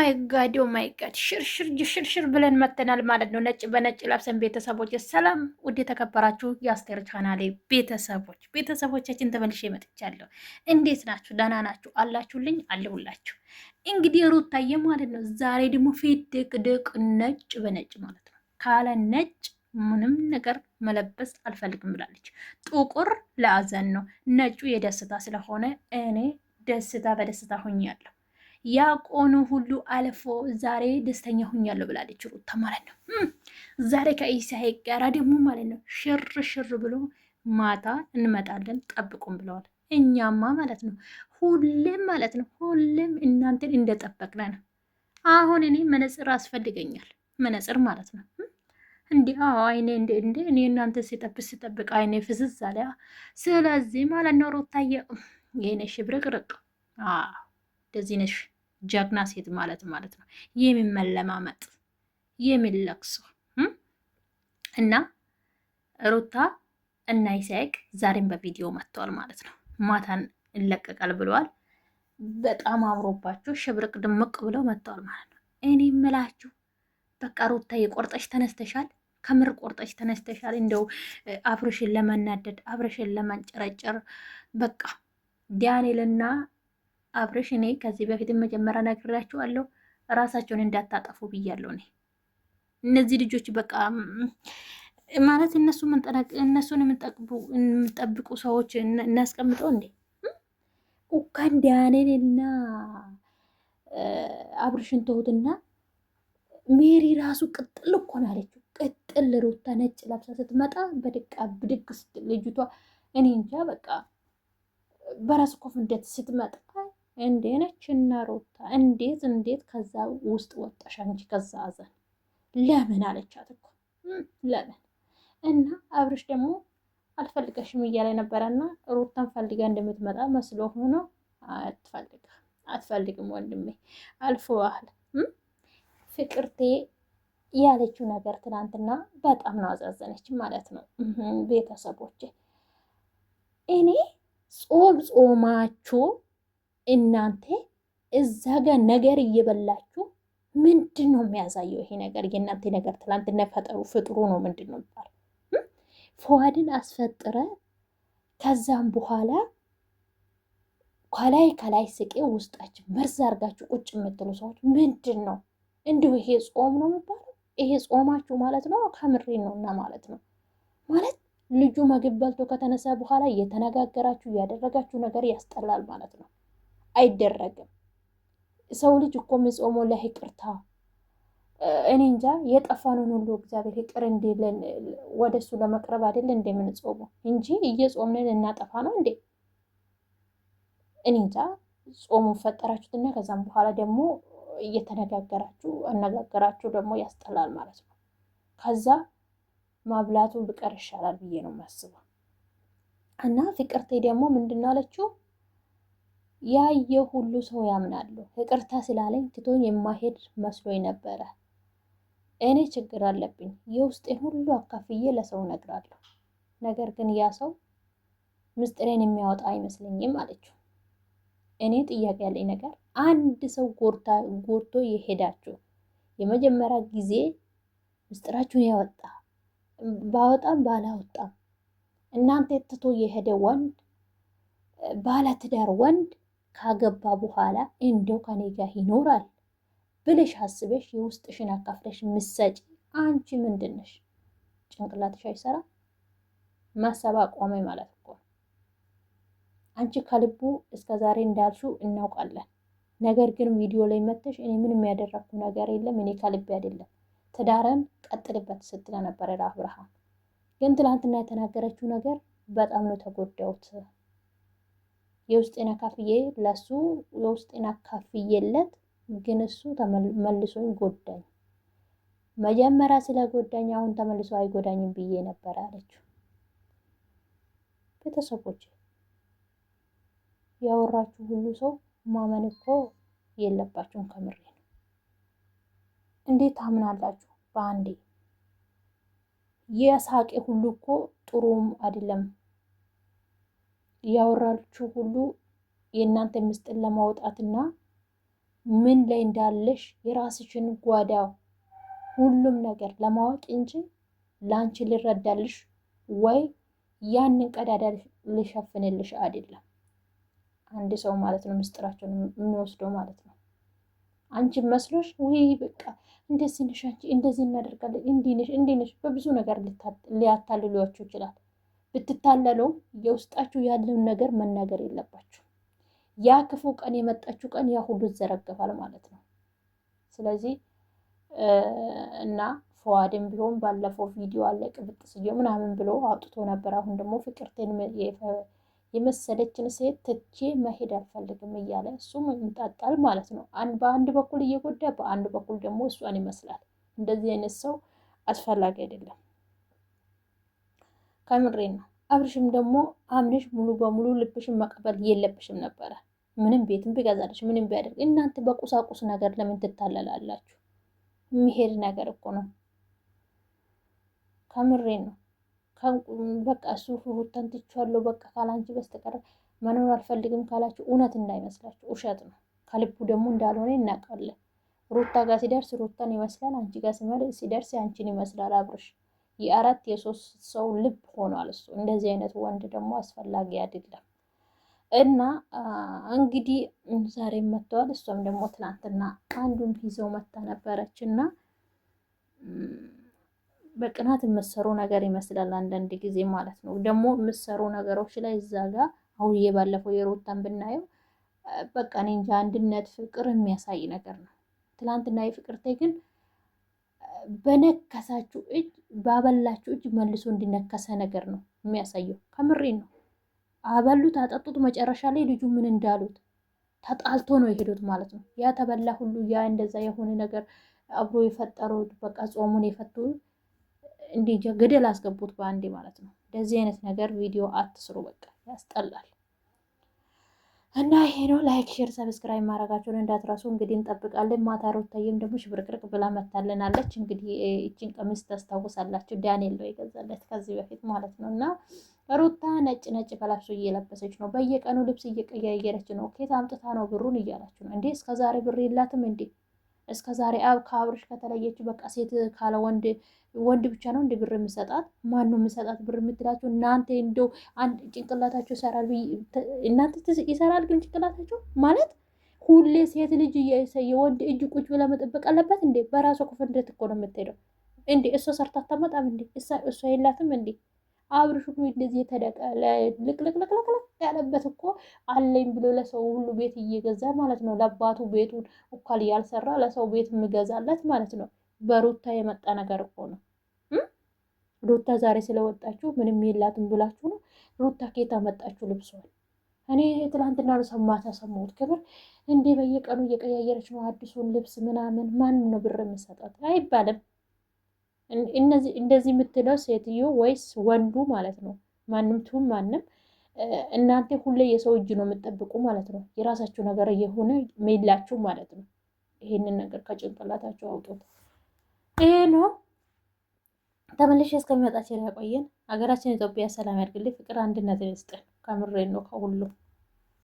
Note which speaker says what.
Speaker 1: ማይ ጋድ ኦ ማይ ጋድ! ሽርሽር ሽርሽር ብለን መተናል ማለት ነው፣ ነጭ በነጭ ለብሰን ቤተሰቦች። ሰላም ውድ የተከበራችሁ የአስቴር ቻናሌ ቤተሰቦች፣ ቤተሰቦቻችን ተመልሼ መጥቻለሁ። እንዴት ናችሁ? ደህና ናችሁ? አላችሁልኝ? አለሁላችሁ። እንግዲህ ሩታዬ ማለት ነው ዛሬ ደግሞ ፊት ድቅ ድቅ ነጭ በነጭ ማለት ነው ካለ ነጭ ምንም ነገር መለበስ አልፈልግም ብላለች። ጥቁር ለአዘን ነው፣ ነጩ የደስታ ስለሆነ እኔ ደስታ በደስታ ሆኛለሁ። ያ ቆኑ ሁሉ አልፎ ዛሬ ደስተኛ ሁኛለሁ ብላለች ሩታ ማለት ነው። ዛሬ ከኢሳይ ጋራ ደግሞ ማለት ነው ሽር ሽር ብሎ ማታ እንመጣለን ጠብቁም ብለዋል። እኛማ ማለት ነው ሁሌም ማለት ነው ሁሌም እናንተን እንደጠበቅነ ነው። አሁን እኔ መነጽር አስፈልገኛል መነጽር ማለት ነው እንዲ አይኔ እንደ እንደ እኔ እናንተ ሲጠብቅ ሲጠብቅ አይኔ ፍዝዝ አለ። ስለዚህ ማለት ነው ሩታዬ ይሄ ነሽ ብርቅርቅ እንደዚህ ነሽ ጀግና ሴት ማለት ማለት ነው። የሚመለማመጥ የሚለቅሱ እና ሩታ እና ይሳቅ ዛሬም በቪዲዮ መጥተዋል ማለት ነው። ማታን ይለቀቃል ብለዋል። በጣም አምሮባቸው ሽብርቅ ድምቅ ብለው መጥተዋል ማለት ነው። እኔ ምላችሁ በቃ ሩታ የቆርጠሽ ተነስተሻል። ከምር ቆርጠሽ ተነስተሻል። እንደው አብርሽን ለመናደድ አብርሽን ለመንጨረጨር በቃ ዳንኤልና አብርሽ እኔ ከዚህ በፊት መጀመሪያ ነግሬያችኋለሁ፣ ራሳቸውን እንዳታጠፉ ብያለሁ። እኔ እነዚህ ልጆች በቃ ማለት እነሱ እነሱን የምንጠብቁ ሰዎች እናስቀምጠው እንዴ? ኡካን ዳያኔንና አብርሽን ተውትና ሜሪ ራሱ ቅጥል እኮ ነው አለችው። ቅጥል ሩታ ነጭ ለብሳ ስትመጣ በድቃ ብድግ ስትል ልጅቷ እኔ እንጃ በቃ በራስ ኮፍ እንደት ስትመጣ ነች እና ሮታ እንዴት እንዴት ከዛ ውስጥ ወጣሽ አንቺ ከዛ አዘን ለምን አለቻት እኮ ለምን እና አብርሽ ደግሞ አልፈልገሽም እያለ እና ሮታን ፈልጋ እንደምትመጣ መስሎ ሆኖ አትፈልጋ አትፈልግም ወንድሜ አልፎዋል ፍቅርቴ ያለችው ነገር ትናንትና በጣም ነው አዛዘነች ማለት ነው ቤተሰቦች እኔ ጾም ጾማችሁ እናንተ እዛ ጋር ነገር እየበላችሁ ምንድን ነው የሚያሳየው? ይሄ ነገር የእናንተ ነገር ትላንትና ፈጠሩ ፍጥሩ ነው ምንድን ነው የሚባለው? ፈዋድን አስፈጥረ ከዛም በኋላ ከላይ ከላይ ስቄ ውስጣችን መርዝ አርጋችሁ ቁጭ የምትሉ ሰዎች ምንድን ነው እንዲሁ ይሄ ጾም ነው የሚባለው? ይሄ ጾማችሁ ማለት ነው። ከምሬ ነው እና ማለት ነው ማለት ልጁ ምግብ በልቶ ከተነሳ በኋላ እየተነጋገራችሁ እያደረጋችሁ ነገር ያስጠላል ማለት ነው። አይደረግም። ሰው ልጅ እኮ ምጾሞ ለይቅርታ እኔ እንጃ የጠፋንን ሁሉ እግዚአብሔር ይቅር እንዲልን ወደ እሱ ለመቅረብ አይደል እንደምንጾመው እንጂ እየጾምንን እናጠፋ ነው እንዴ? እኔ እንጃ። ጾሙ ፈጠራችሁትና ከዛም በኋላ ደግሞ እየተነጋገራችሁ አነጋገራችሁ ደግሞ ያስጠላል ማለት ነው። ከዛ ማብላቱ ብቀር ይሻላል ብዬ ነው የማስበው። እና ፍቅርቴ ደግሞ ምንድን አለችው? ያየ ሁሉ ሰው ያምናሉ። ይቅርታ ስላለኝ ትቶኝ የማሄድ መስሎኝ ነበረ። እኔ ችግር አለብኝ፣ የውስጤን ሁሉ አካፍዬ ለሰው ነግራለሁ። ነገር ግን ያ ሰው ምስጢሬን የሚያወጣ አይመስለኝም አለችው። እኔ ጥያቄ ያለኝ ነገር አንድ ሰው ጎድቶ የሄዳችሁ የመጀመሪያ ጊዜ ምስጢራችሁን ያወጣ ባወጣም ባላወጣም እናንተ ትቶ የሄደ ወንድ ባለትዳር ወንድ ካገባ በኋላ እንደው ከኔ ጋር ይኖራል ብለሽ አስበሽ የውስጥሽን አካፍለሽ ምሰጪ። አንቺ ምንድን ነሽ? ጭንቅላትሽ አይሰራ ማሰብ አቆመ ማለት እኮ አንቺ ከልቡ እስከ ዛሬ እንዳልሹ እናውቃለን። ነገር ግን ቪዲዮ ላይ መተሽ እኔ ምንም ያደረግኩ ነገር የለም እኔ ከልቤ አይደለም ትዳረን ቀጥልበት ስትለ ነበረ አብርሃም። ግን ትላንትና የተናገረችው ነገር በጣም ነው ተጎዳውት። የውስጤን አካፍዬ ለሱ የውስጤን አካፍዬለት፣ ግን እሱ መልሶኝ ጎዳኝ። መጀመሪያ ስለ ጎዳኝ አሁን ተመልሶ አይጎዳኝም ብዬ ነበር አለችው። ቤተሰቦች ያወራችሁ ሁሉ ሰው ማመን እኮ የለባችሁም። ከምሬ ነው። እንዴት ታምናላችሁ በአንዴ? የሳቄ ሁሉ እኮ ጥሩም አይደለም። ያወራችሁ ሁሉ የእናንተ ምስጥን ለማውጣትና ምን ላይ እንዳለሽ የራስሽን ጓዳ ሁሉም ነገር ለማወቅ እንጂ ለአንቺ ልረዳልሽ ወይ ያንን ቀዳዳ ልሸፍንልሽ አይደለም። አንድ ሰው ማለት ነው ምስጢራቸውን የሚወስደው ማለት ነው። አንቺ መስሎሽ ውይ በቃ እንደዚህ ነሽ፣ አንቺ እንደዚህ እናደርጋለን፣ እንዲህ ነሽ፣ እንዲህ ነሽ፣ በብዙ ነገር ሊያታልሏቸው ይችላል። ብትታለለው የውስጣችሁ ያለውን ነገር መናገር የለባችሁ። ያ ክፉ ቀን የመጣችሁ ቀን ያ ሁሉ ይዘረገፋል ማለት ነው። ስለዚህ እና ፈዋድም ቢሆን ባለፈው ቪዲዮ አለ ቅብጥ ምናምን ብሎ አውጥቶ ነበር። አሁን ደግሞ ፍቅርቴን የመሰለችን ሴት ትቼ መሄድ አልፈልግም እያለ እሱም ይምጣጣል ማለት ነው። በአንድ በኩል እየጎዳ፣ በአንድ በኩል ደግሞ እሷን ይመስላል። እንደዚህ አይነት ሰው አስፈላጊ አይደለም። ከምሬ ነው። አብርሽም ደግሞ አምነሽ ሙሉ በሙሉ ልብሽን መቀበል የለብሽም ነበረ። ምንም ቤትም ቢገዛልሽ ምንም ቢያደርግ እናንተ በቁሳቁስ ነገር ለምን ትታለላላችሁ? የሚሄድ ነገር እኮ ነው። ከምሬ ነው። በቃ እሱ ሩታን ትቼዋለሁ፣ በቃ ካላንቺ በስተቀር መኖር አልፈልግም ካላችሁ እውነት እንዳይመስላችሁ፣ ውሸት ነው። ከልቡ ደግሞ እንዳልሆነ እናውቃለን። ሩታ ጋር ሲደርስ ሩታን ይመስላል፣ አንቺ ጋር ሲደርስ አንቺን ይመስላል አብርሽ የአራት የሶስት ሰው ልብ ሆኗል። እሱ እንደዚህ አይነት ወንድ ደግሞ አስፈላጊ አይደለም። እና እንግዲህ ዛሬ መጥተዋል። እሷም ደግሞ ትናንትና አንዱን ይዘው መታ ነበረች እና በቅናት የምትሰሩ ነገር ይመስላል አንዳንድ ጊዜ ማለት ነው። ደግሞ የምትሰሩ ነገሮች ላይ እዛ ጋር አሁን ባለፈው የሮታን ብናየው በቃ እኔ እንጃ አንድነት ፍቅር የሚያሳይ ነገር ነው። ትላንትና የፍቅርቴ ግን በነከሳችሁ እጅ ባበላችሁ እጅ መልሶ እንዲነከሰ ነገር ነው የሚያሳየው። ከምሬ ነው። አበሉት፣ አጠጡት። መጨረሻ ላይ ልጁ ምን እንዳሉት ተጣልቶ ነው የሄዱት ማለት ነው። ያ ተበላ ሁሉ ያ እንደዛ የሆነ ነገር አብሮ የፈጠሩት በቃ ጾሙን የፈቱ እንዲ ገደል አስገቡት በአንዴ ማለት ነው። እንደዚህ አይነት ነገር ቪዲዮ አትስሩ፣ በቃ ያስጠላል። እና ይሄ ነው። ላይክ፣ ሼር፣ ሰብስክራይብ ማድረጋችሁን እንዳትረሱ። እንግዲህ እንጠብቃለን። ማታ ሩታዬም ደግሞ ሽብርቅርቅ ብላ መታልናለች። እንግዲህ ይችን ቀሚስ ታስታውሳላችሁ፣ ዳንኤል ነው የገዛለት ከዚህ በፊት ማለት ነው። እና ሩታ ነጭ ነጭ በላብሶ እየለበሰች ነው። በየቀኑ ልብስ እየቀያየረች ነው። ኬት አምጥታ ነው ብሩን እያላችሁ ነው እንዴ? እስከዛሬ ብር የላትም እንዴ? እስከዛሬ አብ ከአብርሽ ከተለየችው በቃ ሴት ካለ ወንድ ወንድ ብቻ ነው እንደ ብር የምሰጣት ማን ነው የምሰጣት ብር የምትላቸው እናንተ እንደው አንድ ጭንቅላታቸው ይሰራል እናንተ ይሰራል ግን ጭንቅላታቸው ማለት ሁሌ ሴት ልጅ የወንድ እጅ ቁጭ ብላ መጠበቅ አለበት እንዴ? በራሷ ኮንፊደንት እኮ ነው የምትሄደው እንዴ? እሷ ሰርታ አታመጣም እንዴ? እሷ የላትም እንዴ? አብርሽ ሁሉ እንደዚህ የተደቀለ ልቅልቅልቅልቅ ያለበት እኮ አለኝ ብሎ ለሰው ሁሉ ቤት እየገዛ ማለት ነው። ለአባቱ ቤቱን እኳል እያልሰራ ለሰው ቤት የምገዛለት ማለት ነው። በሩታ የመጣ ነገር እኮ ነው። ሩታ ዛሬ ስለወጣችሁ ምንም የላትም ብላችሁ ነው። ሩታ ኬታ መጣችሁ ልብሰዋል። እኔ ትላንትና ነው ሰማታ ሰማሁት። ክብር እንዴ በየቀኑ እየቀያየረች ነው አዲሱን ልብስ ምናምን። ማንም ነው ብር የምሰጣት አይባልም። እንደዚህ የምትለው ሴትዮ ወይስ ወንዱ ማለት ነው። ማንም ትሁን ማንም እናንተ ሁሌ የሰው እጅ ነው የምጠብቁ ማለት ነው። የራሳችሁ ነገር እየሆነ ሜላችሁ ማለት ነው። ይሄንን ነገር ከጭንቅላታችሁ አውጡት። ይሄ ነው። ተመልሼ እስከሚመጣ ቸር ያቆየን። ሀገራችን ኢትዮጵያ ሰላም ያድርግልኝ፣ ፍቅር አንድነት ይስጠን። ከምሬን ነው ከሁሉም